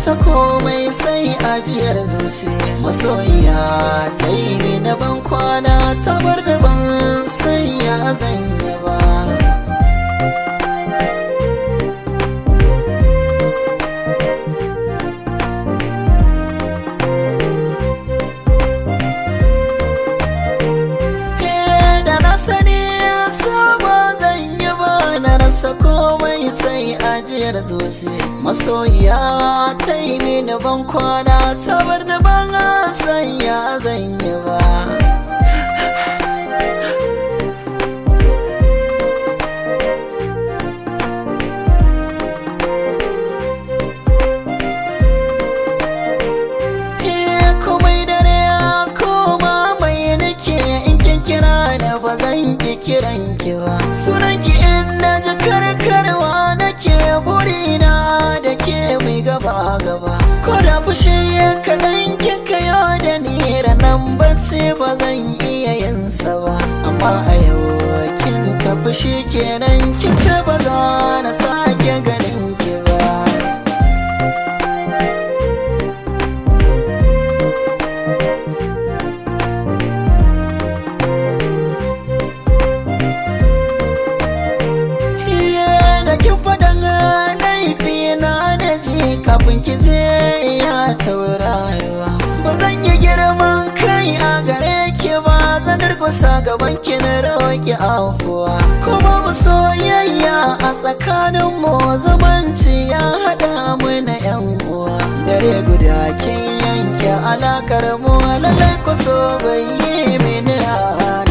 rasa komai sai ajiyar zuci masoyiya ta yi ne na ban kwana ta bar da ban sanya zan yi ba sani sabo zan yi ba na rasa komai sai gajiyar zuci masoyiya ta yi mini bankwana, kwana ta bar ban sanya zan yi ba ba zan ki kiran ki ba sunan ki in na ji karkarwa nake burina da ke mai gaba gaba ko da fushi kaɗan ki kayo da ni ranan bacci ba zan iya yin sa ba amma a yau kin tafi shi kenan kin ce ba za na sake gani kafin ki je ya taurarwa ba zan yi girman kai a gare ki ba zan durkusa gaban ki na roƙi afuwa kuma ba soyayya a tsakanin mu zumunci ya haɗa mu na yan uwa dare guda kin yanke alakar mu lalai ku so bai yi mini a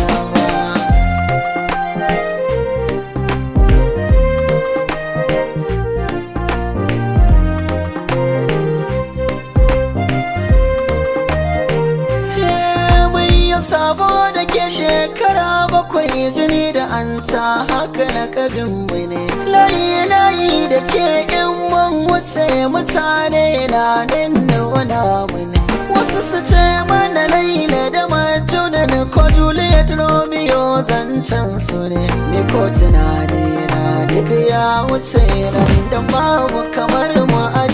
akwai jini da an ta haka na kabin mu layi layi da ke in mun wuce mutane na nan wana wani wasu su ce mana laila da majuna na ko juliet romeo zancen su ne mai ko tunani na duk ya wuce nan da babu kamar mu a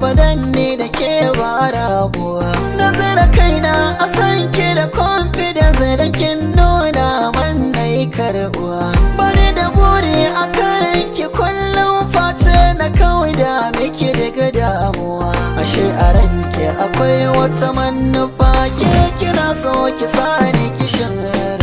fadan ne da ke ba raguwa na zira kaina a san ki da confidence da kin nuna wannan karbuwa bari da buri a kan ki kullum fata na kawai da miki daga damuwa ashe a ke akwai wata manufa ke kira so ki sani kishin